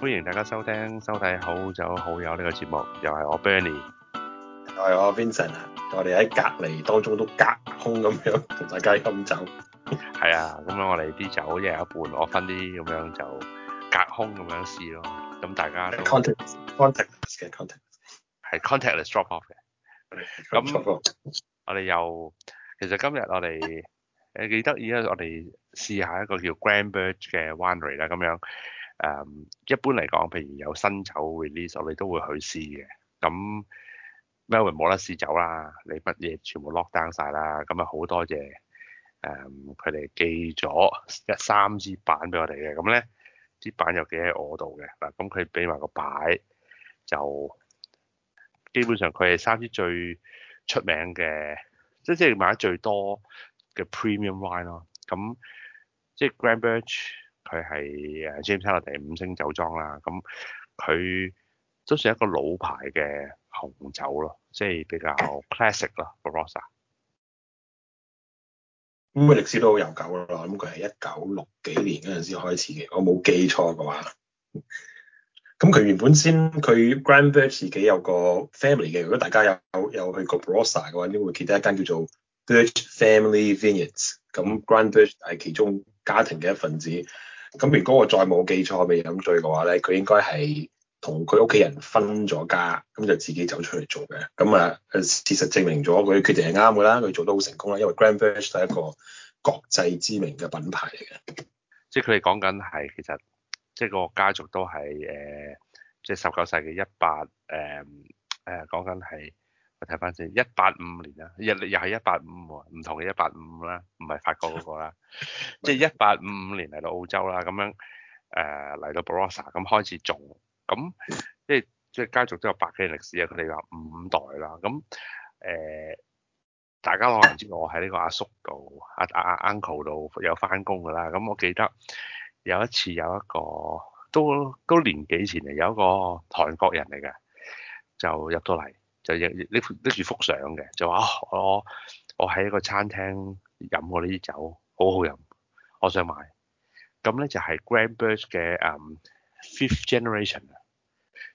歡迎大家收聽收睇好酒好友呢個節目，又係我 Bernie，又係我 Vincent 啊！我哋喺隔離當中都隔空咁樣同大家飲酒。係啊，咁樣我哋啲酒一人一半，我分啲咁樣就隔空咁樣試咯。咁大家 contactless 嘅 contact，係 contactless drop off 嘅。咁我哋又其實今日我哋誒幾得意啊！我哋試下一個叫 Grandbridge 嘅 Winery 啦，咁樣。誒、um, 一般嚟講，譬如有新酒 release，我哋都會去試嘅。咁 Melvin 冇得試酒啦，你乜嘢全部 lock down 曬啦。咁啊好多嘢誒，佢、um, 哋寄咗三支板俾我哋嘅。咁咧啲板又寄喺我度嘅嗱。咁佢俾埋個牌，就基本上佢係三支最出名嘅，即係即係賣得最多嘅 premium wine 咯。咁即係 Grand Birch 佢係誒 James Halliday 第五星酒莊啦，咁佢都算一個老牌嘅紅酒咯，即係比較 classic 咯，Barossa。咁佢歷史都好悠久啦，咁佢係一九六幾年嗰陣時開始嘅，我冇記錯嘅話。咁佢原本先佢 Grant Burge 自己有個 family 嘅，如果大家有有去過 Barossa 嘅話，應該會記得一間叫做 Burge Family Vineyards。咁 Grant Burge 係其中家庭嘅一份子。咁如果我再冇記錯，未飲醉嘅話咧，佢應該係同佢屋企人分咗家，咁就自己走出嚟做嘅。咁啊，事實證明咗佢決定係啱嘅啦，佢做得好成功啦，因為 Grandpa 係一個國際知名嘅品牌嚟嘅。即係佢哋講緊係其實，即係個家族都係誒、呃，即係十九世紀一八誒誒講緊係。呃睇翻先，一八五年啦，又又係一八五，唔同嘅一八五啦，唔係法國嗰個啦， 即係一八五五年嚟到澳洲啦，咁樣誒嚟、呃、到 Barossa 咁開始做。咁即係即係家族都有百幾年歷史啊，佢哋話五代啦，咁誒、呃、大家可能知道我喺呢個阿叔度，阿阿、 啊啊、uncle 度有翻工噶啦，咁我記得有一次有一個都都年幾前嚟，有一個韓國人嚟嘅就入到嚟。就拎拎住幅相嘅，就話我我喺一個餐廳飲過呢啲酒，好好飲，我想買。咁咧就係 Grant Burge 嘅 Fifth Generation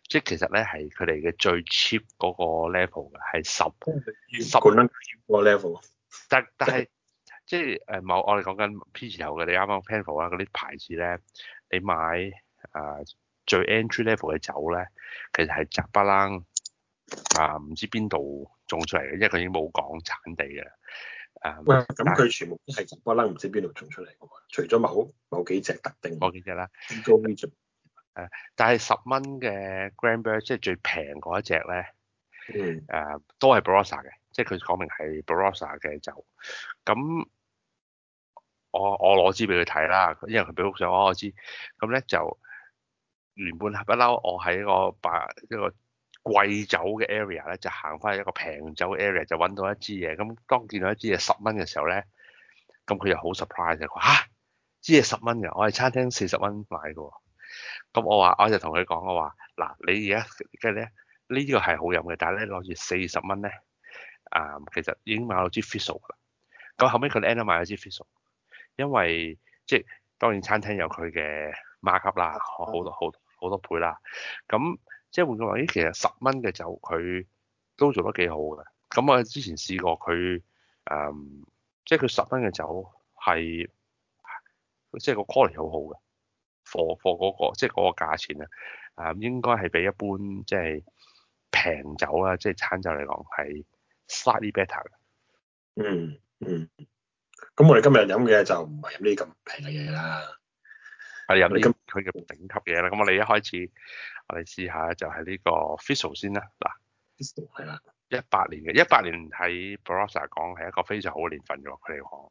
即係其實咧係佢哋嘅最 cheap 嗰個 level 嘅、嗯，係十十個 level。但但係 即係誒某我哋講緊 P 字頭嘅，你啱啱 Penfolds 嗰啲牌子咧，你買誒、呃、最 entry level 嘅酒咧，其實係雜不楞。啊，唔知邊度種出嚟嘅，因為佢已經冇講產地嘅。啊，喂，咁佢、嗯、全部都係不嬲，唔知邊度種出嚟嘅嘛？除咗某某幾隻特定，某幾隻啦。誒、啊，但係十蚊嘅 Granberg 即係最平嗰一隻咧，誒、嗯啊，都係 Barossa 嘅，即係佢講明係 Barossa 嘅就咁我我攞支俾佢睇啦，因為佢俾幅相，我知。咁咧就原本不嬲，一我喺個把一個。貴酒嘅 area 咧，就行翻去一個平酒嘅 area，就揾到一支嘢。咁當見到一支嘢十蚊嘅時候咧，咁佢又好 surprise，就話嚇，支嘢十蚊嘅，我喺餐廳四十蚊買嘅，哦。咁我話，我就同佢講，我話嗱，你而家計咧，呢、呢個係好飲嘅，但係咧攞住四十蚊咧，啊，其實已經買咗支 fiso 啦。咁後尾佢 end up 買咗支 fiso，因為即係當然餐廳有佢嘅 markup 啦，好、嗯、多好好多，多倍啦。咁即係換句話，咦，其實十蚊嘅酒佢都做得幾好嘅。咁我之前試過佢誒，即係佢十蚊嘅酒係，即係個 quality 好好嘅。貨貨嗰個即係嗰個價錢啊，啊應該係比一般即係平酒啦，即係餐酒嚟講係 slightly better 嘅。嗯嗯。咁我哋今日飲嘅就唔係飲啲咁平嘅嘢啦。係飲啲。佢嘅頂級嘢啦，咁我哋一開始，我哋試下就係呢個 Fossil 先啦。嗱 Fossil 係啦，一八年嘅，一八年喺 Professor 講係一個非常好嘅年份喎，佢哋講。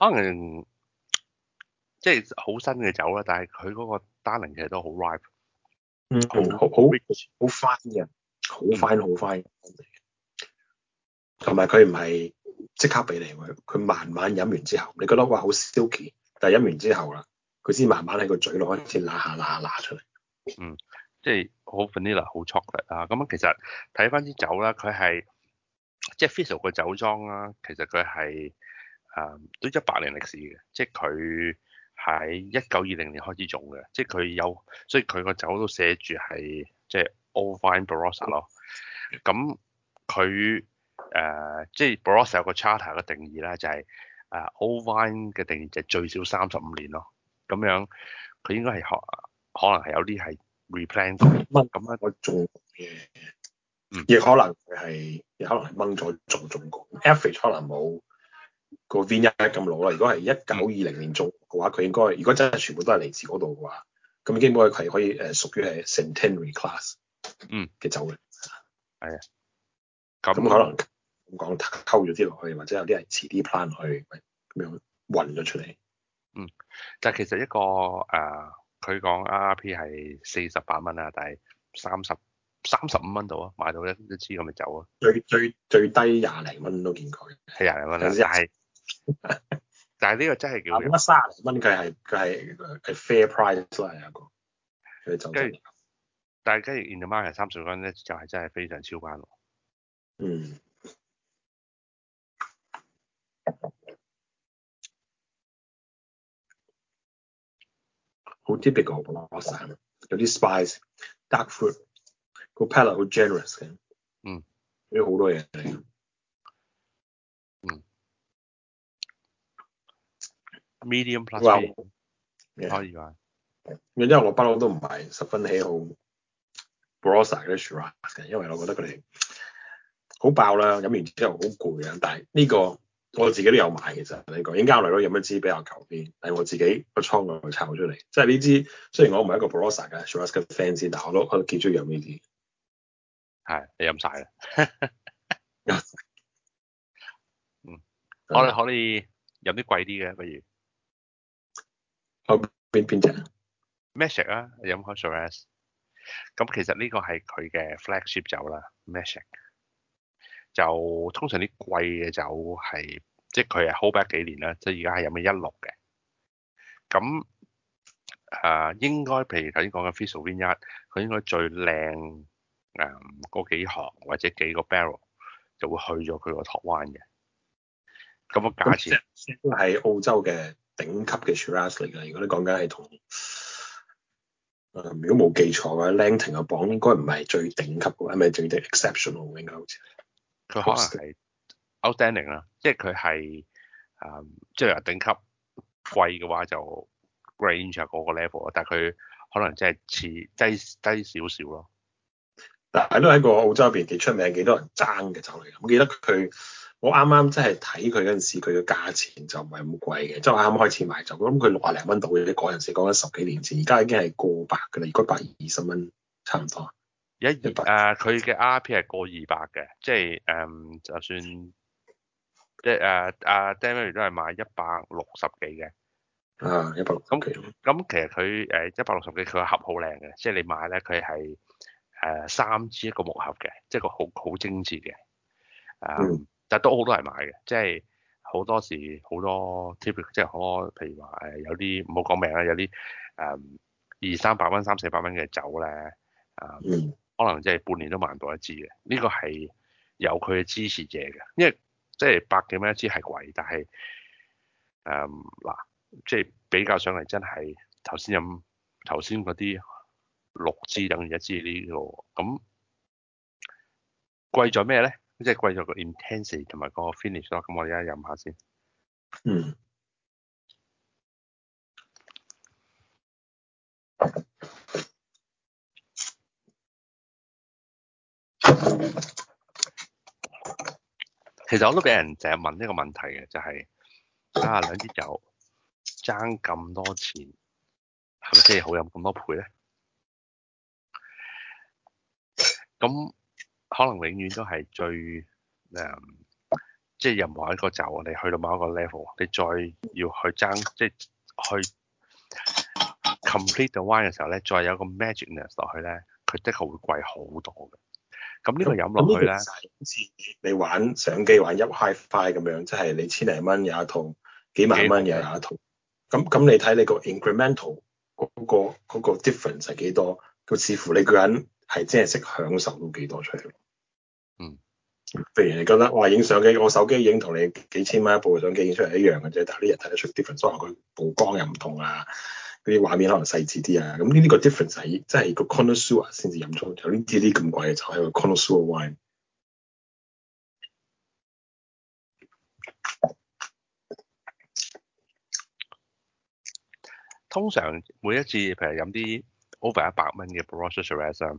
可能。即係好新嘅酒啦，但係佢嗰個單寧其實都好 ripe，mm-hmm. 好 ripe，嗯，好好好 fine 嘅，好 fine 好 fine。同埋佢唔係即刻俾你，佢佢慢慢飲完之後，你覺得哇好 silky，但係飲完之後啦，佢先慢慢喺個嘴度開始嗱下嗱嗱出嚟。嗯，即係好 vanilla，好 chocolate 啊。咁啊，其實睇翻啲酒啦，佢係即係 Fisher 個酒莊啦，其實佢係誒都一百年歷史嘅，即係佢。喺一九二零年開始種嘅，即係佢有，所以佢個酒都寫住係、就係呃、即係 Old Vine Barossa 咯。咁佢誒即係 Barossa 有個 charter 嘅定義咧，就係誒 Old Vine 嘅定義就係最少三十五年咯。咁樣佢應該係可可能係有啲係 replant 過，咁樣我種嘅，亦可能佢係亦可能掹咗種種過，effort 可能冇。那個 vine 咁老啦，如果係一九二零年做嘅話，佢、嗯、應該如果真係全部都係嚟自嗰度嘅話，咁基本係係可以誒，屬於係 centenary class 的走嗯嘅酒嘅係啊，咁可能咁講溝咗啲落去，或者有啲人遲啲 plan 去咁樣混咗出嚟嗯，但係其實一個誒，佢講 RRP 係四十八蚊啊，但係三十。三十五蚊度啊，買到咧一知咁咪走啊！最最最低廿零蚊都見過，係廿零蚊啦。但係 但係呢個真係叫乜卅零蚊計，係佢係係 fair price 都係一個佢走咗。但係跟住 in the market 三十蚊咧就係、是、真係非常超班嗯，好 typical 嘅波有啲 spice dark fruit 個 palate 好 generous 嘅。嗯，有好多嘢嚟。嗯，嗯，medium plus。可以㗎，因為我不嬲都唔係十分喜好 Barossa 嘅 Shiraz 嘅，Girazza，因為我覺得佢哋好爆啦。飲完之後好攰啊。但係呢個我自己都有買，其實呢個已經交耐咯。飲一支比較舊啲，係我自己個倉去湊出嚟。即係呢支雖然我唔係一個 Barossa 嘅 Shiraz 嘅 fans，但係我都我幾中意飲呢啲。係，你飲晒啦。嗯，我哋可以飲啲貴啲嘅，不如？邊邊隻？Mashik 啊，飲康索拉斯。咁其實呢個係佢嘅 flagship 酒啦，Mashik。就通常啲貴嘅酒係，即係佢係 hold back 幾年啦，即係而家係飲緊一六嘅。咁啊、呃，應該譬如頭先講嘅 Fiscal Vineyard，佢應該最靚。嗰、嗯、幾行或者幾個 barrel 就會去咗佢個台灣嘅。咁啊，假設都係澳洲嘅頂級嘅 Shiraz 如果你講緊係同如果冇記錯嘅，Langton's 嘅榜應該唔係最頂級嘅，唔係最 exceptional wing out，佢可能係 outstanding 啦，即係佢係誒，即係話頂級貴嘅話就 Grange 啊嗰個 level，但係佢可能即係似低低少少咯。但係都喺個澳洲入邊幾出名，幾多人爭嘅酒嚟。我記得佢，我啱啱真係睇佢嗰陣時，佢嘅價錢就唔係咁貴嘅，就係啱開始買就咁。佢六廿零蚊到嘅，你講陣時講緊、那個、十幾年前，而家已經係過百嘅啦，過百二十蚊差唔多。一誒，佢嘅 R P 係過二百嘅，即係誒，就算即係誒，阿 Dan Murphy 都係買一百六十幾嘅。啊，一百六咁、啊嗯 uh, uh, 啊、其實咁其實佢誒一百六十幾，佢、uh, 個盒好靚嘅，即係你買咧，佢係。誒三支一個木盒嘅，即係個好好精緻嘅，啊，但係都好多人買嘅，即係好多時好多 tip，即係好多譬如話誒有啲唔好講名啦，有啲誒二三百蚊、三四百蚊嘅酒咧，啊，可能即係半年都買唔到一支嘅，呢個係有佢嘅支持者嘅，因為即係百幾蚊一支係貴，但係誒嗱，即係比較上嚟真係頭先飲頭先嗰啲。六支等於一支個呢個咁、就是、貴咗咩咧？即係貴咗個 intensity 同埋個 finish 咯。咁我而家飲下先。嗯。其實我都俾人淨係問呢個問題嘅，就係啊兩支酒爭咁多錢，係咪真係好飲咁多倍咧？咁可能永遠都係最誒、嗯，即係任何一個酒，我哋去到某一個 level，你再要去爭即係去 complete the wine 嘅時候咧，再有個 magicness 落去咧，佢的確會貴好多嘅。咁呢這個飲落去咧，好似你玩相機玩入 hi-fi 咁樣，即、就、係、是、你千零蚊有一套，幾萬蚊又有一套。咁咁你睇你個 incremental 嗰個 difference 係幾多？佢、那個那個、視乎你個人。係真係識享受到幾多出嚟嗯。譬、嗯、如你覺得哇，影相機，我手機影同你幾千蚊一部相機影出嚟一樣嘅啫，但係呢人睇得出 difference，可能佢曝光又唔同啊，嗰啲畫面可能細緻啲啊，咁呢呢個 difference 係真、就、係、是、個 connoisseur 先至飲出嚟，呢啲咁貴嘅，係個 connoisseur wine。通常每一次譬如飲啲 over 一百蚊嘅 brasserie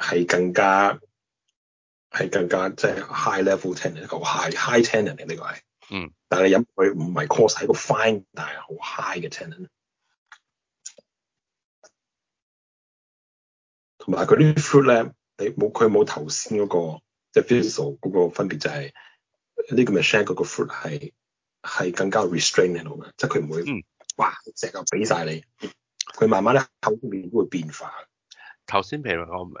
係更加係更加即係、就是、high level tannin、嗯、一個 fine, high high tannin 嘅呢、那個係、就是就是，嗯，但係飲佢唔係 coarse 係個 fine 但係好 high 嘅 tannin，同埋佢啲 fruit 咧，你冇佢冇頭先嗰個即係 visual 嗰個分別就係呢個 machine 嗰個 fruit 係係更加 restrained 喺度嘅，即係佢唔會哇成日俾曬你，佢慢慢咧口入面都會變化。頭先譬如我唔明。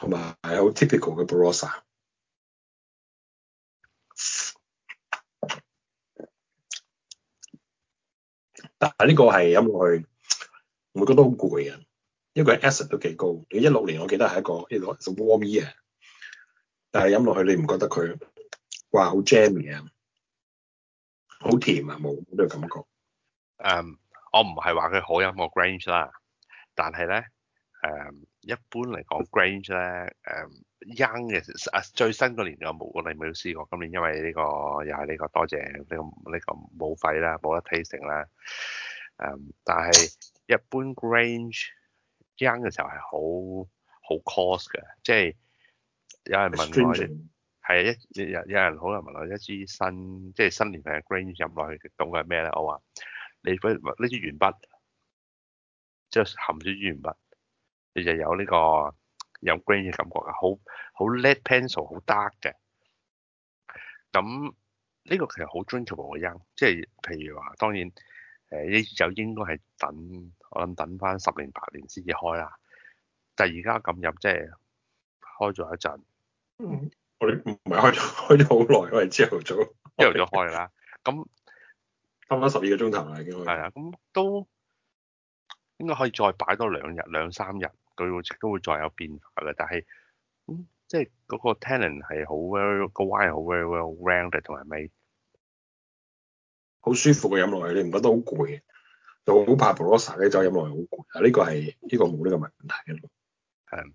同埋好 typical 嘅 Barossa 但係呢個係飲落去，會覺得好攰嘅，因為 acid 都幾高。你一六年我記得係一個呢個 warmie 啊，warm year, 但係飲落去你唔覺得佢話好 jam 嘅，好甜啊冇呢個感覺。誒、um,，我唔係話佢好飲個 Grange 啦，但係咧誒。Um, 一般嚟講，Grange 咧，誒、um, young 嘅啊，uh, 最新個年就冇我哋冇試過，今年因為呢、這個又係呢、這個多謝呢、這個呢、這個冇費啦，冇得提成啦。誒、um,，但係一般 Grange young 嘅時候係好好 coarse 嘅，即係有人問我係一有有人可能問我一支新即係新年嘅 Grange 飲落去，嘅，咁嘅係咩咧？我話你筆呢支鉛筆，即、就、係、是、含住支鉛筆。你就有呢個有 green 嘅感覺啊，好好 lead pencil 好 dark 嘅。咁呢個其實好 drinkable 嘅音，即係譬如話，當然誒，你就應該係等我諗等翻十年八年先至開啦。但係而家咁入即係開咗一陣，我哋唔係開咗開咗好耐，我哋朝頭早朝頭早開啦。咁 差唔多十二個鐘頭啦，已經係啊，咁都應該可以再擺多兩日兩三日。都會都會再有變化嘅，但係，嗯，即係嗰個 tannin 係好 very，個 wine 係好 very well rounded，同埋咪好舒服嘅飲落去，你唔覺得好攰？就好怕 Brossa 呢酒飲落去好攰啊！呢、呢個係呢、呢個冇呢個問題嘅，係、嗯、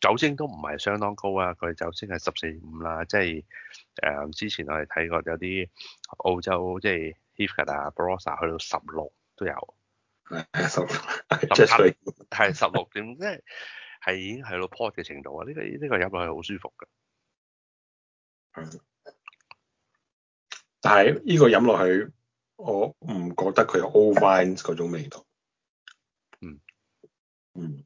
酒精都唔係相當高啊！佢酒精係十四五啦，即係誒、嗯、之前我哋睇過有啲澳洲即係 Heathcote 啊、Brossa 去到十六都有。十 六 17, 即係十六點，即係係已經係到 p o t 嘅程度啊！呢、這個呢、這個飲落去好舒服嘅，但係呢個飲落去，我唔覺得佢有 all v i n e s 嗰種味道。嗯嗯。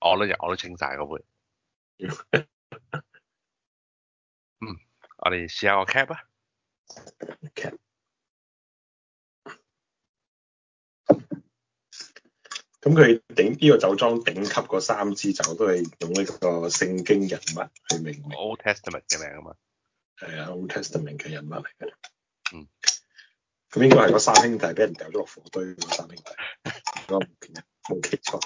我都入，我都清晒嗰杯。 嗯，我哋試下個 cap 啊。cap 咁佢頂呢、呢個酒莊頂級嗰三支酒都係用呢個聖經人物去命名。Old Testament 嘅名啊嘛。係、uh，啊，Old Testament 嘅人物嚟嘅。嗯。咁應該係嗰三兄弟，俾人掉咗落火堆嗰三兄弟。我唔見啊，冇記錯。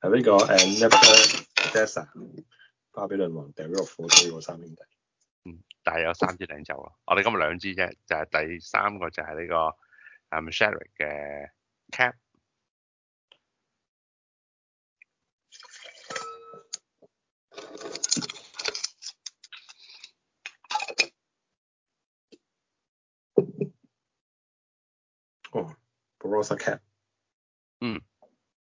係、這、呢個誒 Nebbiolo Dolcetto 巴比倫王，DeRuff，所以個三兄弟。嗯，但係有三支領袖咯。我哋今日兩支啫，就係、是、第三個就係呢、這個誒 Michele 嘅 Cap。哦 Brossa Cap。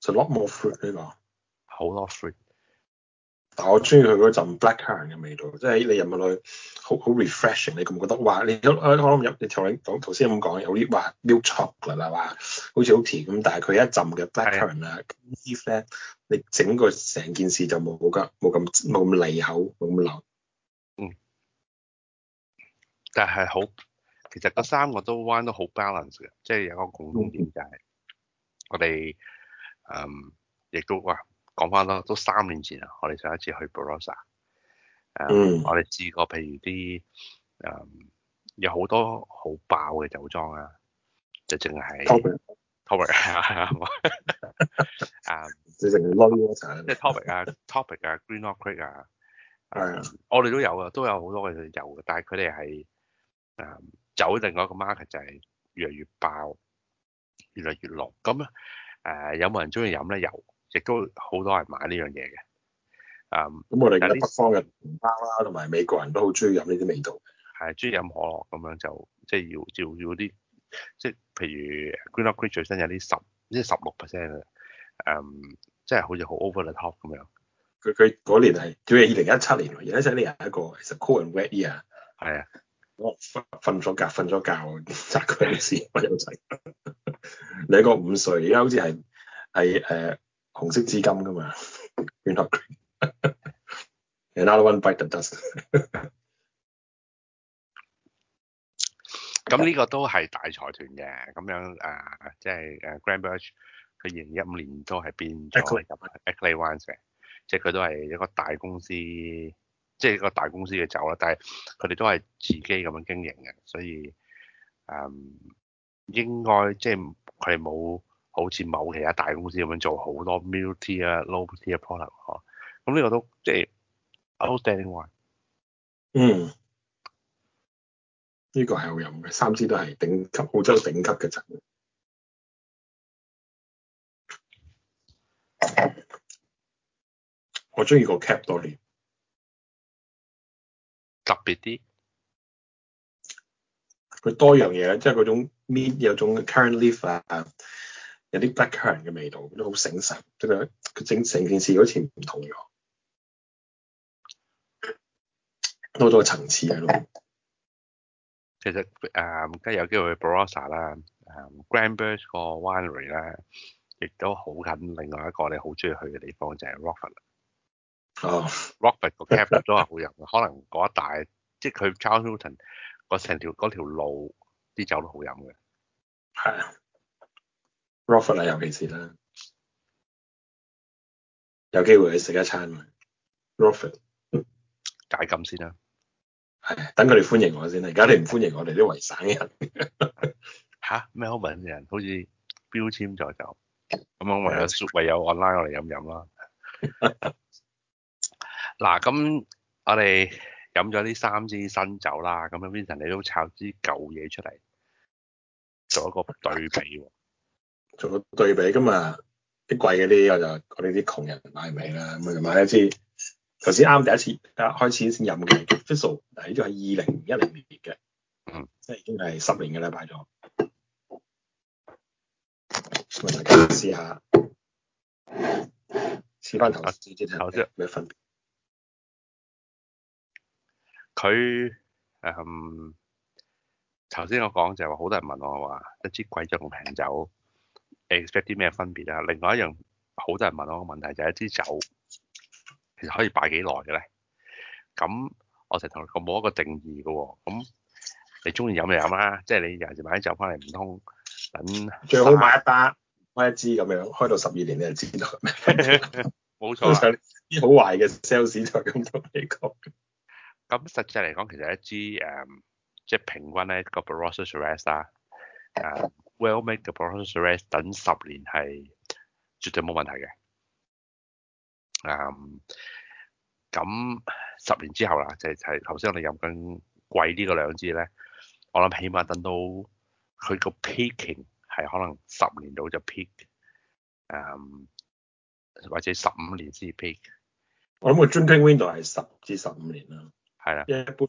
就係 lot more fruit 呢個，好多 fruit，但我中意佢嗰陣 blackcurrant 嘅味道，即係你入到去好好 refreshing，你咁覺得哇，你可能諗入你頭先頭頭先咁講有啲哇 new crop 啦係嘛，好似好甜咁，但係佢一浸嘅 blackcurrant leaf 咧，你整個成件事就冇咁冇咁冇咁膩口冇咁流，嗯，但係好，其實嗰三個都彎得好 balance 嘅，即係有個共通點、嗯、就係、是、我哋。嗯、um,，亦都啊，講翻咯，都三年前啊，我哋上一次去波羅撒，誒、um,，我哋試過，譬如啲誒，um, 有好多好爆嘅酒莊啊，就淨係 topic 啊，即係 topic 啊，topic 啊，Greenock Creek 啊， um, yeah. 我哋都有啊，都有好多嘅有嘅。但係佢哋係誒走另外一個 market 就係越嚟越爆，越嚟越濃，咁。誒、啊，有冇人中意飲咧？有，亦都好多人買呢樣嘢嘅。誒、um,，咁我哋而家北方嘅同胞啦，同埋美國人都好中意飲呢啲味道。係，中意飲可樂咁樣就，即係要要要啲，即係譬如 Greenock Creek 有啲十，即係十六 percent 嘅。誒，即係好似好 over the top 咁樣。佢佢嗰年係，佢係二零一七年，二零一七年係一個 cool and wet year。係啊。我瞓瞓咗覺，瞓咗覺，砸公司，我有仔。你一個五歲而家好似係係誒紅色資金噶嘛？原 n u another one by the dust。咁呢個都係大財團嘅，咁樣、呃、啊，即係誒，Grant Burge 佢二零一五年都係變咗入嘅，即係佢都係一個大公司，即係一個大公司嘅酒啦。但係佢哋都係自己咁樣經營嘅，所以嗯。應該即係佢冇好似某其他大公司咁樣做好多 multi 啊 low tier 啊 product 嗬，咁呢個都即係 outstanding one，嗯，呢個係好用嘅，三支都係頂級澳洲頂級嘅產品。我中意個 cap 多年，特別啲，佢多樣嘢，即係嗰種。面有種 current leaf 啊，有啲 black current 嘅味道，都好醒神。即係佢整成件事好似唔同咗，多咗個層次喺度。其實啊，而、嗯、家有機會去 Barossa 啦，Grant Burge 個 winery 啦，亦、嗯、都好近另外一個你好中意去嘅地方就係 Rockford 哦，Robert 個 capital 都係好人，可能嗰一帶即係佢 Charles Melton 個成條嗰條路。啲酒都好飲嘅，係啊，Robert 啊，尤其是啦，有機會去食一餐咪，Robert 解禁先啦，係、啊，等佢哋歡迎我先啦，而家你唔歡迎我哋啲維省人，嚇，Melbourne 嘅人好似標籤咗酒，咁、嗯、我唯有唯有 online 我嚟飲飲啦，嗱，咁我哋飲咗呢三支新酒啦，咁 Vincent 你都炒支舊嘢出嚟。做一個對比，做一個對比嘛，咁啊，啲貴嗰啲我就我哋啲窮人買唔起啦，咁咪買一支，頭先啱第一次開始先飲嘅，Tesla，嗱呢度係二零一零年嘅，嗯，這個、即係已經係十年嘅啦，買咗。我哋試下試翻頭先啲嘅咩分別？佢，嗯。頭先我講就係話好多人問我話一支貴酒同平酒 expect 啲咩分別啊？另外一樣好多人問我個問題就係一支酒其實可以擺幾耐嘅咧？咁我成日同佢講冇一個定義嘅喎、哦。咁你中意飲就飲啦，即、就、係、是、你日日買酒返嚟唔通等最好買一打開一支咁樣開到十二年你就知道 錯、啊。冇錯啲好壞嘅 sales 就咁同你講。咁實際嚟講，其實一支誒。即係平均咧，個 Barossa Shiraz 啦，啊 well-made 嘅 Barossa Shiraz 等十年係絕對冇問題嘅。啊，咁十年之後啦，就係頭先我哋飲緊貴啲嘅兩支咧，我諗起碼等到佢個 peaking 係可能十年度就 peak，嗯，或者十五年先 peak，我諗個 drinking window 係十至十五年啦，係啦，一般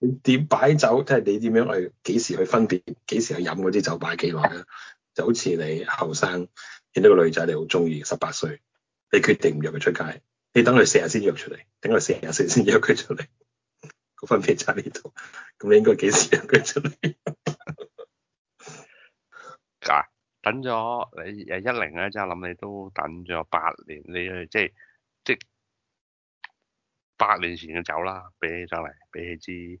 你點擺酒，即係你點樣去，幾時去分別，幾時去飲嗰啲酒，擺幾耐咧？就好似你後生見到個女仔，你好中意，十八歲，你決定唔約佢出街，你等佢成日先約出嚟，等佢成日成先約佢出嚟，個分別就喺呢度。咁你應該幾時約佢出嚟？噶、 啊，等咗你誒一零咧，即係諗你都等咗八年，你去，即係即係八年前嘅酒啦，俾起上嚟，俾起支。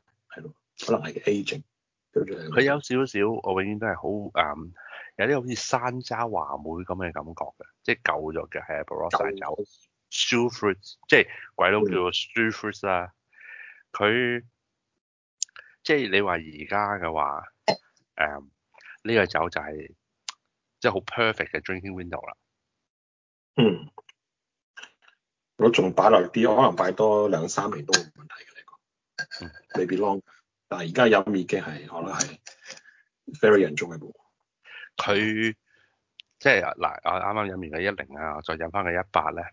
可能係 aging，佢有少少，我永遠都係、um, 好誒，有啲好似山楂話梅咁嘅感覺嘅，即係舊咗嘅係一部 shoe 酒，shoe fruit，即係鬼佬叫做 shoe fruit 啊，佢即係你話而家嘅話，誒、um, 呢個酒就係、是、即係好 perfect 嘅 drinking window 啦。嗯，我仲擺落啲，可能擺多兩三年都冇問題嘅呢個，maybe long。但而家飲面嘅係，我覺得係 very 嚴重嘅，佢即係嗱，我啱啱飲完嘅一零啊，我再飲翻嘅一百咧，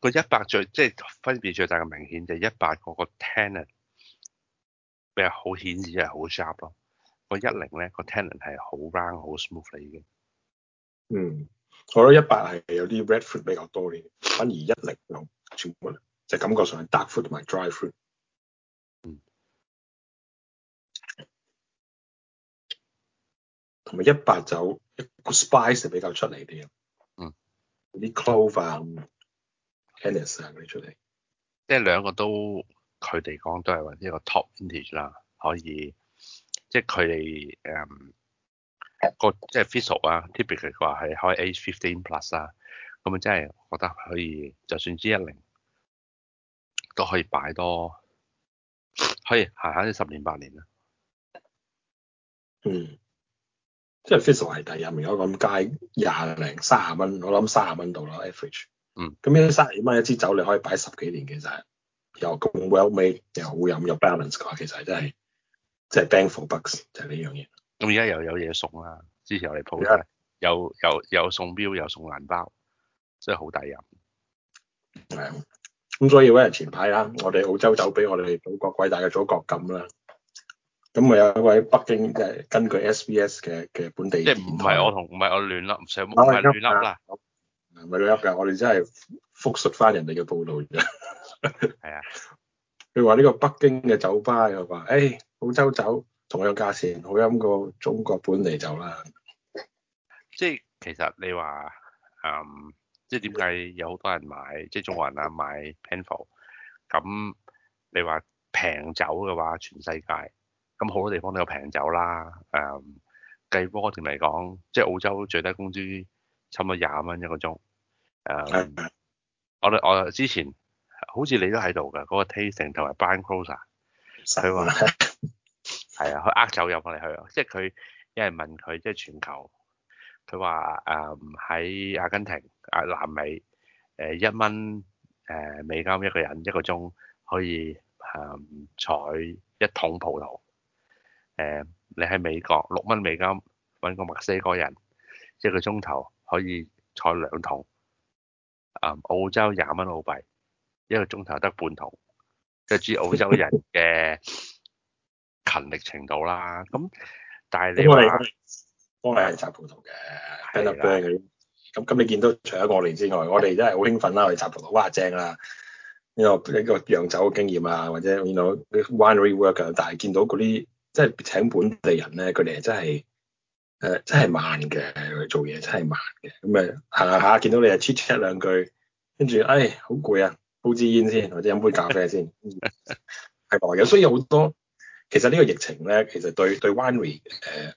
個一百最即係分別最大嘅明顯就係一百個個 tenant 比較好顯示，係好 sharp 咯。個一零咧個 tenant 係好 round 好 smooth 嚟嘅。嗯。我覺得一百係有啲 red fruit 比較多啲，反而一零全就全部就感覺上係 dark fruit 同埋 dry fruit，嗯，同埋一百就一個 spice 比較出嚟啲，嗯，啲 clover 翻 candies 啊嗰啲、嗯、出嚟，即係兩個都佢哋講都係話一個 top vintage 啦，可以，即係佢哋誒。Um, 那個即係 physical 啊，typically 話係開 eight fifteen plus 啊，咁啊真係覺得可以，就算 G 一零都可以擺多，可以行下啲十年八年啦。嗯，即係 physical 係第一名，我諗介廿零卅蚊，我諗卅蚊度啦 average。嗯，咁呢卅幾蚊一支酒，你可以擺十幾年其實，又咁 well made，又好飲又 balance 嘅話，其實真係即係 bang for bucks 就係呢樣嘢。咁而家又有嘢送啦，之前我哋鋪頭又又又送錶又送銀包，真係好抵飲。咁所以嗰日前排啦，我哋澳洲酒俾我哋祖國偉大嘅祖國咁啦。咁咪有一位北京即係根據 SBS 嘅嘅本地，即係唔係我同唔係我亂笠，唔想唔亂笠啦，唔係亂笠㗎，我哋真係復述翻人哋嘅報導啫。係啊， 你話呢個北京嘅酒吧又話，誒、哎、澳洲酒。同樣價錢，好飲過中國本地酒啦。即係其實你話，嗯，即係點解有好多人買，即係中國人啊買 Panfor 咁？你話平酒嘅話，全世界咁好多地方都有平酒啦。誒、嗯，計波段嚟講，即係澳洲最低工資差唔多廿蚊一個鐘。誒、嗯， 我我之前好似你都喺度嘅，嗰、那個 Tasting 同埋 Banker，佢話。 係啊，佢呃酒入過嚟去啊。即係佢有人問佢，即係全球，佢話喺阿根廷啊南美一蚊美金一個人一個鐘可以誒、嗯、採一桶葡萄，嗯、你喺美國六蚊美金搵個墨西哥人一個鐘頭可以採兩桶，啊、嗯、澳洲廿蚊澳幣一個鐘頭得半桶，即係知澳洲人嘅。 勤力程度啦，咁但係你因為幫你係摘葡萄嘅，bin u 咁咁你見到除咗我哋之外，我哋真係好興奮啦，我哋摘葡萄哇正啦，呢個一個釀酒嘅經驗啊，或者呢個 winery worker，但係見到嗰啲即係請本地人咧，佢哋真係誒、呃、真係慢嘅，佢做嘢真係慢嘅，咁誒行下行下見到你啊 chat chat 一兩句，跟住誒好攰啊，煲支煙先，或者飲杯咖啡先，係 咪？所以有雖然有好多。其實呢個疫情咧，其實對對 winery 誒、呃，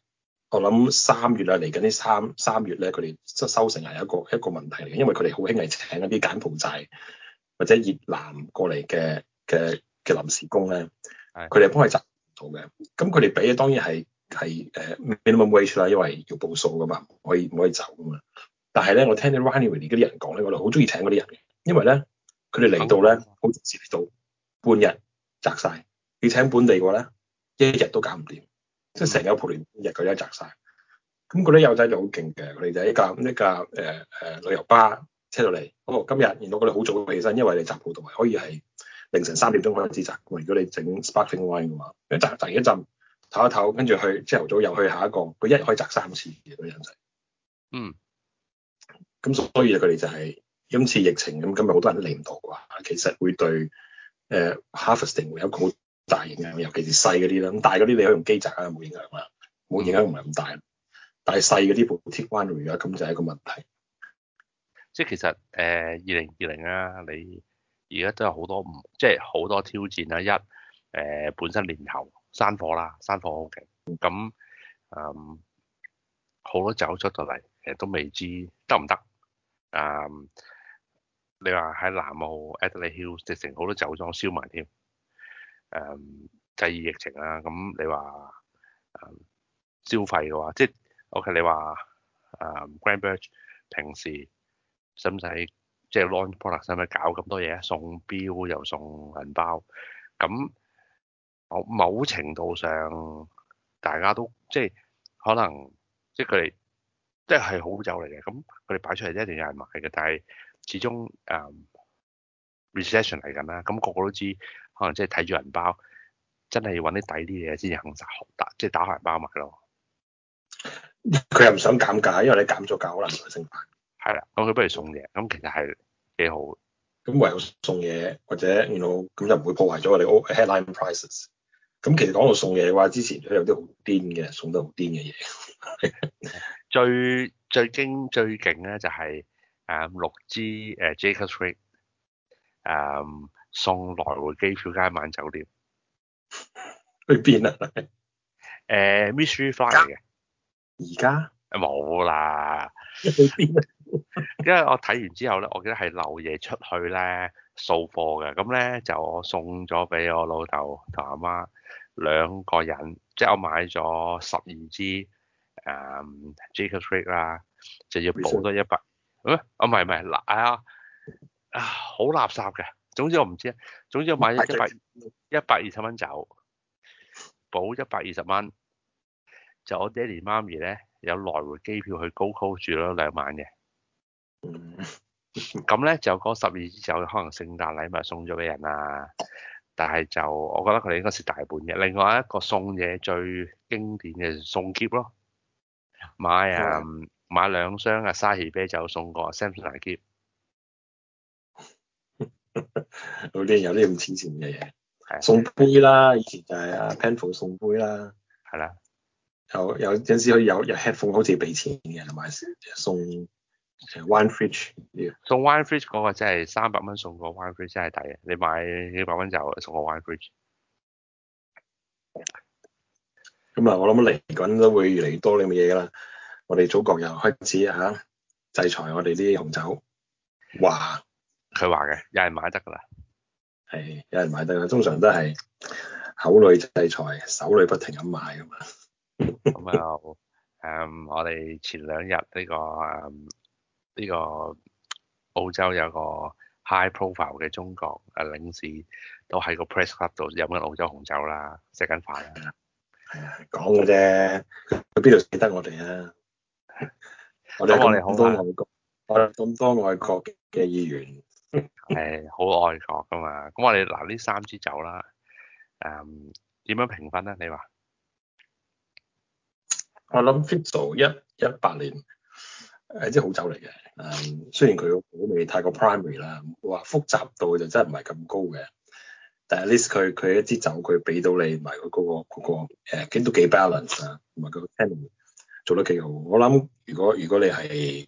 我諗三月啊，嚟緊呢三三月咧，佢哋收收成係一個一個問題嚟嘅，因為佢哋好興係請一啲柬埔寨或者越南過嚟嘅嘅嘅臨時工咧，佢哋係幫佢摘到嘅。咁佢哋俾啊，當然係係誒 minimum wage 啦，因為要報數噶嘛，唔可以唔可以走噶嘛。但係咧，我聽到啲 winery 嗰啲人講咧，我哋好中意請嗰啲人，因為咧佢哋嚟到咧好直接到，半日摘晒。要請本地嘅話咧。一日都搞唔掂，即係成日蒲年日佢一摘晒。咁嗰啲友仔就好勁嘅，佢哋就一架一架誒誒旅遊巴車到嚟。哦，今日原來佢哋好早起身，因為你摘葡萄係可以係凌晨三點鐘開始摘。咁如果你整 sparkling wine 嘅話，摘摘完一陣唞一唞，跟住去朝頭早又去下一個。佢一日可以摘三次嗰啲人仔。嗯。咁所以佢哋就係、是、今次疫情咁，今日好多人都嚟唔到啩。其實會對誒、呃、harvesting 會有一個大影響，尤其是細嗰啲啦。咁大嗰啲你可以用機砸，就冇影響啊。冇、嗯、影響唔係咁大，但係細嗰啲部鐵關而家咁就係一個問題。即係其實誒，二零二零啊，2020, 你而家都有好多唔，即係好多挑戰啦。一誒、呃，本身年頭山火啦，山火 OK，咁嗯好多酒出到嚟，其實都未知得唔得。嗯，你話喺南澳 Adelaide Hills 直情好多酒莊燒埋添。誒、um, 制疫情啊，咁你話、嗯、消費嘅話，即係 OK。你話誒、um, Grand Burge 平時使唔使即係 Launch Product 使唔使搞咁多嘢、啊、送表又送銀包，咁某某程度上大家都即係可能即係佢哋即係好酒嚟嘅，咁佢哋擺出嚟一定有人買嘅。但係始終誒、嗯、recession 嚟緊啦，咁、那個個都知。可能即係睇住銀包，真係要揾啲抵啲嘢先至行曬，即係打開包埋咯。佢又唔想減價，因為你減咗價可能唔會升價。係啦，咁佢不如送嘢，咁其實係幾好。咁唯有送嘢或者 you know 咁就唔會破壞咗我哋 O headline prices。咁其實講到送嘢嘅話，之前都有啲好癲嘅，送得好癲嘅嘢。 最最驚最勁咧就係啊六支誒 Jacob's Creek 啊、um,。送來回機票、佳晚酒店去邊啊？誒，Missreefly 嘅而家冇啦，去邊啊？因為我睇完之後咧，我記得係漏嘢出去咧掃貨嘅，咁咧就我送咗俾我老豆同阿媽兩個人，即係我買咗十二支誒，Jacob's Creek 啦，就要補多一百，咁啊唔係唔係垃係啊好、啊、垃圾嘅。總之我唔知道，總之我買一百一百二十蚊酒，補一百二十蚊，就我爹哋媽咪咧有來回機票去高高住咗兩晚嘅。咁咧就嗰十二支酒，可能聖誕禮物送咗俾人啊，但係就我覺得佢哋應該蝕大半嘅。另外一個送嘢最經典嘅送喼咯，買啊買兩箱啊沙士啤酒送個 Samsonite 喼啲 有啲咁黐線嘅嘢，係送杯啦，以前就係啊 Penfolds 送杯啦，係啦，有有有陣時可以有有 headphone，好似俾錢嘅，同埋送 wine fridge，送 wine fridge 嗰個真係三百蚊送個 wine fridge 真係抵嘅，你買一百蚊就送個 wine fridge。咁啊，我諗嚟緊都會越嚟越多呢樣嘢啦。我哋祖國又開始吓、啊、制裁我哋呢啲紅酒，哇！佢話嘅，有人買得噶啦，係有人買得啦，通常都係口裏制裁，手裏不停咁買噶嘛。咁啊，誒，我哋前兩日呢個呢、嗯這個澳洲有個 high profile 嘅中國誒領事，都喺個 press club 度飲緊澳洲紅酒啦，食緊飯啦。係啊，講嘅啫，佢邊度記得我哋啊？我哋好多外國，咁多外國嘅議員。誒， 好愛國㗎嘛？咁我哋嗱呢三支酒啦，誒、嗯，點樣評分咧？你話我諗，Fitzo 一一八年誒，即、啊、係、就是、好酒嚟嘅。誒、啊，雖然佢好口味太過 primary 啦、啊，話複雜度就真係唔係咁高嘅，但係 list 佢佢一支酒佢俾到你埋、那、嗰個、那個誒、那個那個啊，都幾 balance 啊，同埋佢個 tannin 做得幾好。我諗如果如果你係，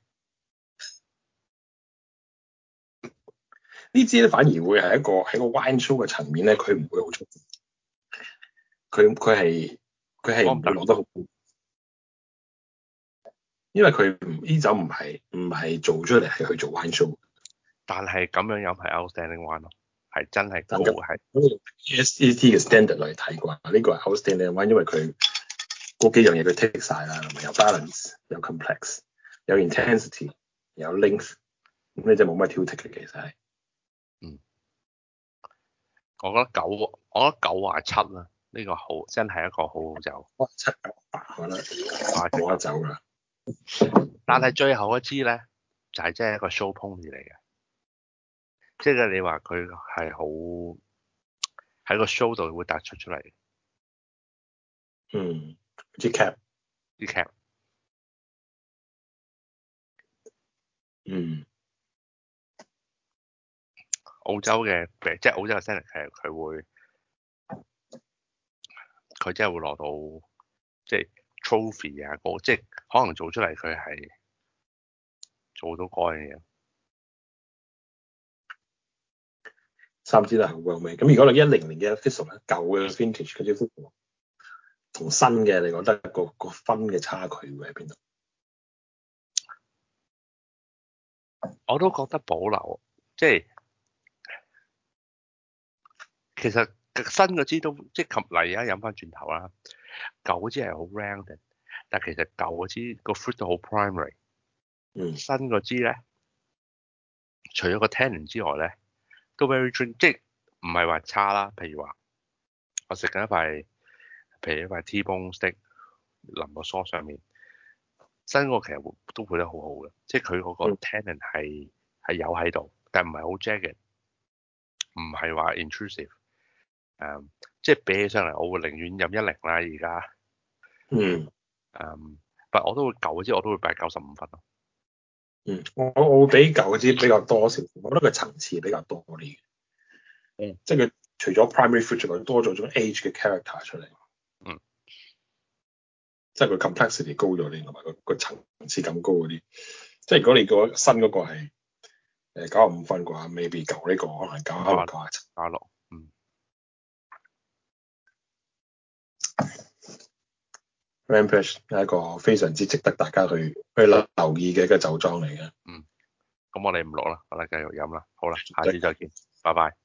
呢支咧反而會係一個喺個 wine show 嘅層面咧，佢唔會好突出。佢佢係佢係唔攞得好，因為佢呢酒唔係唔係做出嚟係去做 wine show，但係咁樣有排 outstanding wine 咯，係真係。咁用 SAT 嘅 standard 嚟睇啩，呢、這個係 outstanding wine，因為佢嗰幾樣嘢佢 take 曬啦，係咪有 balance、有 complex、有 intensity、有 length，咁呢啲冇乜挑剔嘅其實係。就是我覺得九，我覺得九七啦，呢、這個好真係一個好好酒。好酒但係最後一支呢，就係真係一個 show pony 嚟嘅，即、就、係、是、你話佢係好喺個 show 度會突出出嚟。嗯，啲劇，啲劇，嗯。澳洲嘅，即係澳洲嘅 sender 其實佢會佢真係會攞到即係 trophy 啊，嗰即係可能做出嚟佢係做到嗰樣嘢。三至係 workmate 咁如果你一零年嘅 official 咧，舊嘅 vintage，佢哋同新嘅你覺得個個分嘅差距會喺邊度？我都覺得保留即係。其實新嗰支都即係嚟而家飲翻轉頭啦，舊嗰支係好 round，但係其實舊嗰支個 fruit 都好 primary。嗯。新嗰支咧，除咗個 tannin 之外咧，都 very drink，即係唔係話差啦。譬如話我食緊一塊，譬如一塊 T-bone steak 淋個梳上面，新個其實都配得好好嘅，即係佢嗰個 tannin 係係有喺度，但唔係好 jagged，唔係話 intrusive。誒、um,，即係比起上嚟，我會寧願飲一零啦。而家嗯，誒、um,，但係我都會舊嗰支，我都會擺九十五分咯。嗯，我我會比舊嗰支比較多少少，我覺得個層次比較多啲。嗯，即係佢除咗 primary fruit 多咗種 age 嘅 character 出嚟。嗯，即係佢 complexity 高咗啲，同埋個個層次咁高嗰啲。即係如果你新個新嗰個係誒九十五分嘅話，未必夠呢個可能九十六。r a m p a g e s 係一個非常之值得大家去去留意嘅一個酒莊嚟嘅，嗯，咁我哋唔攞啦，我哋繼續飲啦，好啦，下次再見，拜拜。